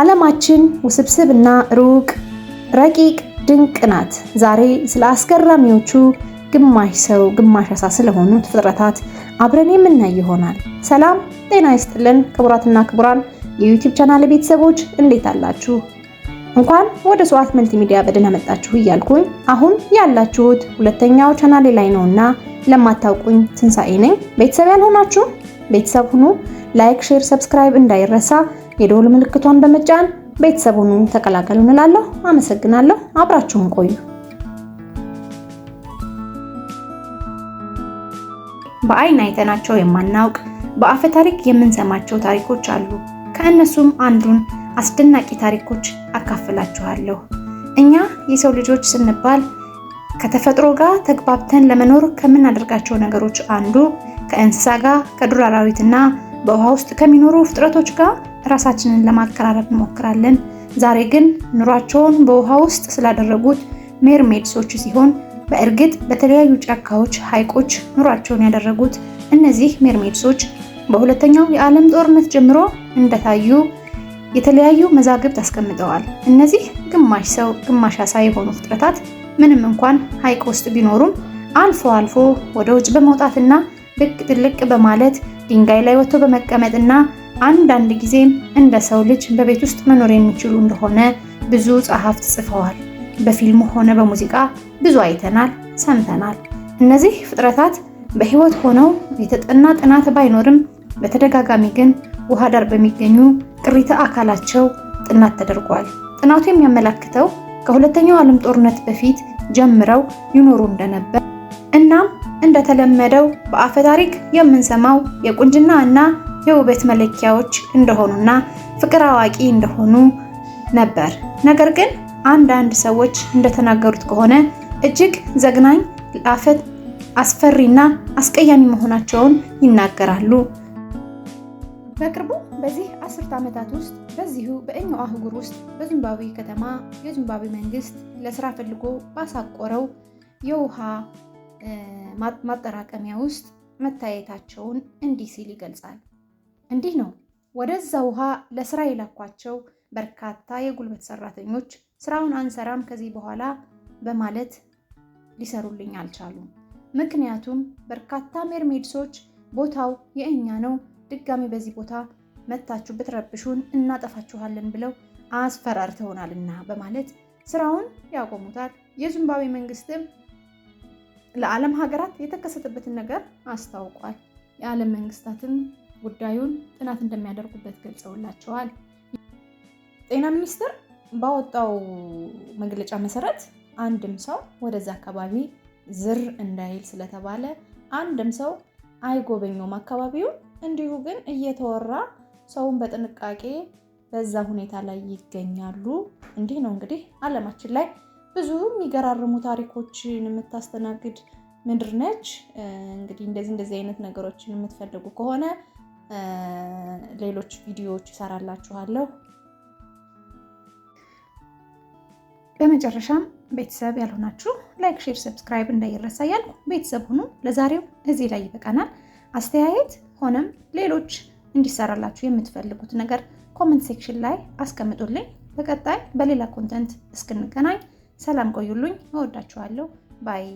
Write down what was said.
ዓለማችን ውስብስብና ሩቅ ረቂቅ ድንቅ ናት። ዛሬ ስለ አስገራሚዎቹ ግማሽ ሰው ግማሽ አሳ ስለሆኑት ፍጥረታት አብረን የምናይ ይሆናል። ሰላም ጤና ይስጥልን ክቡራትና ክቡራን የዩቲዩብ ቻናል ቤተሰቦች እንዴት አላችሁ? እንኳን ወደ ሰዋት መልቲሚዲያ በደህና መጣችሁ እያልኩኝ አሁን ያላችሁት ሁለተኛው ቻናሌ ላይ ነውና ለማታውቁኝ ትንሣኤ ነኝ። ቤተሰብ ያልሆናችሁ ቤተሰብ ሁኑ። ላይክ፣ ሼር፣ ሰብስክራይብ እንዳይረሳ የደወል ምልክቷን በመጫን ቤተሰቡን ተቀላቀሉ እንላለሁ። አመሰግናለሁ። አብራችሁን ቆዩ። በአይን አይተናቸው የማናውቅ በአፈ ታሪክ የምንሰማቸው ታሪኮች አሉ። ከእነሱም አንዱን አስደናቂ ታሪኮች አካፍላችኋለሁ። እኛ የሰው ልጆች ስንባል ከተፈጥሮ ጋር ተግባብተን ለመኖር ከምናደርጋቸው ነገሮች አንዱ ከእንስሳ ጋር፣ ከዱር አራዊትና በውሃ ውስጥ ከሚኖሩ ፍጥረቶች ጋር ራሳችንን ለማቀራረብ እንሞክራለን። ዛሬ ግን ኑሯቸውን በውሃ ውስጥ ስላደረጉት ሜርሜድሶች ሲሆን በእርግጥ በተለያዩ ጫካዎች፣ ሐይቆች ኑሯቸውን ያደረጉት እነዚህ ሜርሜድሶች በሁለተኛው የዓለም ጦርነት ጀምሮ እንደታዩ የተለያዩ መዛግብት አስቀምጠዋል። እነዚህ ግማሽ ሰው ግማሽ አሳ የሆኑ ፍጥረታት ምንም እንኳን ሐይቅ ውስጥ ቢኖሩም አልፎ አልፎ ወደ ውጭ በመውጣትና ብቅ ጥልቅ በማለት ድንጋይ ላይ ወጥቶ በመቀመጥና አንዳንድ ጊዜም እንደ ሰው ልጅ በቤት ውስጥ መኖር የሚችሉ እንደሆነ ብዙ ጸሐፍት ጽፈዋል። በፊልም ሆነ በሙዚቃ ብዙ አይተናል፣ ሰምተናል። እነዚህ ፍጥረታት በህይወት ሆነው የተጠና ጥናት ባይኖርም በተደጋጋሚ ግን ውሃ ዳር በሚገኙ ቅሪተ አካላቸው ጥናት ተደርጓል። ጥናቱ የሚያመላክተው ከሁለተኛው ዓለም ጦርነት በፊት ጀምረው ይኖሩ እንደነበር እናም እንደተለመደው በአፈ ታሪክ የምንሰማው የቁንጅና እና የውበት መለኪያዎች እንደሆኑና ፍቅር አዋቂ እንደሆኑ ነበር። ነገር ግን አንዳንድ ሰዎች እንደተናገሩት ከሆነ እጅግ ዘግናኝ አፈት አስፈሪና አስቀያሚ መሆናቸውን ይናገራሉ። በቅርቡ በዚህ አስርት ዓመታት ውስጥ በዚሁ በእኛው አህጉር ውስጥ በዚምባብዌ ከተማ የዚምባብዌ መንግስት ለስራ ፈልጎ ባሳቆረው የውሃ ማጠራቀሚያ ውስጥ መታየታቸውን እንዲህ ሲል ይገልጻል። እንዲህ ነው ወደዛ ውሃ ለስራ የላኳቸው በርካታ የጉልበት ሰራተኞች ስራውን አንሰራም ከዚህ በኋላ በማለት ሊሰሩልኝ አልቻሉም። ምክንያቱም በርካታ ሜርሜድሶች ቦታው የእኛ ነው፣ ድጋሚ በዚህ ቦታ መታችሁ ብትረብሹን እናጠፋችኋለን ብለው አስፈራርተውናልና በማለት ስራውን ያቆሙታል። የዚምባብዌ መንግስትም ለዓለም ሀገራት የተከሰተበትን ነገር አስታውቋል። የዓለም መንግስታትም ጉዳዩን ጥናት እንደሚያደርጉበት ገልጸውላቸዋል። ጤና ሚኒስቴር ባወጣው መግለጫ መሰረት አንድም ሰው ወደዛ አካባቢ ዝር እንዳይል ስለተባለ አንድም ሰው አይጎበኘውም አካባቢውን። እንዲሁ ግን እየተወራ ሰውን በጥንቃቄ በዛ ሁኔታ ላይ ይገኛሉ። እንዲህ ነው እንግዲህ አለማችን ላይ ብዙ የሚገራርሙ ታሪኮችን የምታስተናግድ ምድር ነች። እንግዲህ እንደዚህ እንደዚህ አይነት ነገሮችን የምትፈልጉ ከሆነ ሌሎች ቪዲዮዎች ይሰራላችኋለሁ። በመጨረሻም ቤተሰብ ያልሆናችሁ ላይክ፣ ሼር፣ ሰብስክራይብ እንዳይረሳ ያልኩ ቤተሰብ ሁኑ። ለዛሬው እዚህ ላይ ይበቃናል። አስተያየት ሆነም ሌሎች እንዲሰራላችሁ የምትፈልጉት ነገር ኮመንት ሴክሽን ላይ አስቀምጡልኝ። በቀጣይ በሌላ ኮንተንት እስክንገናኝ ሰላም ቆዩልኝ። እወዳችኋለሁ። ባይ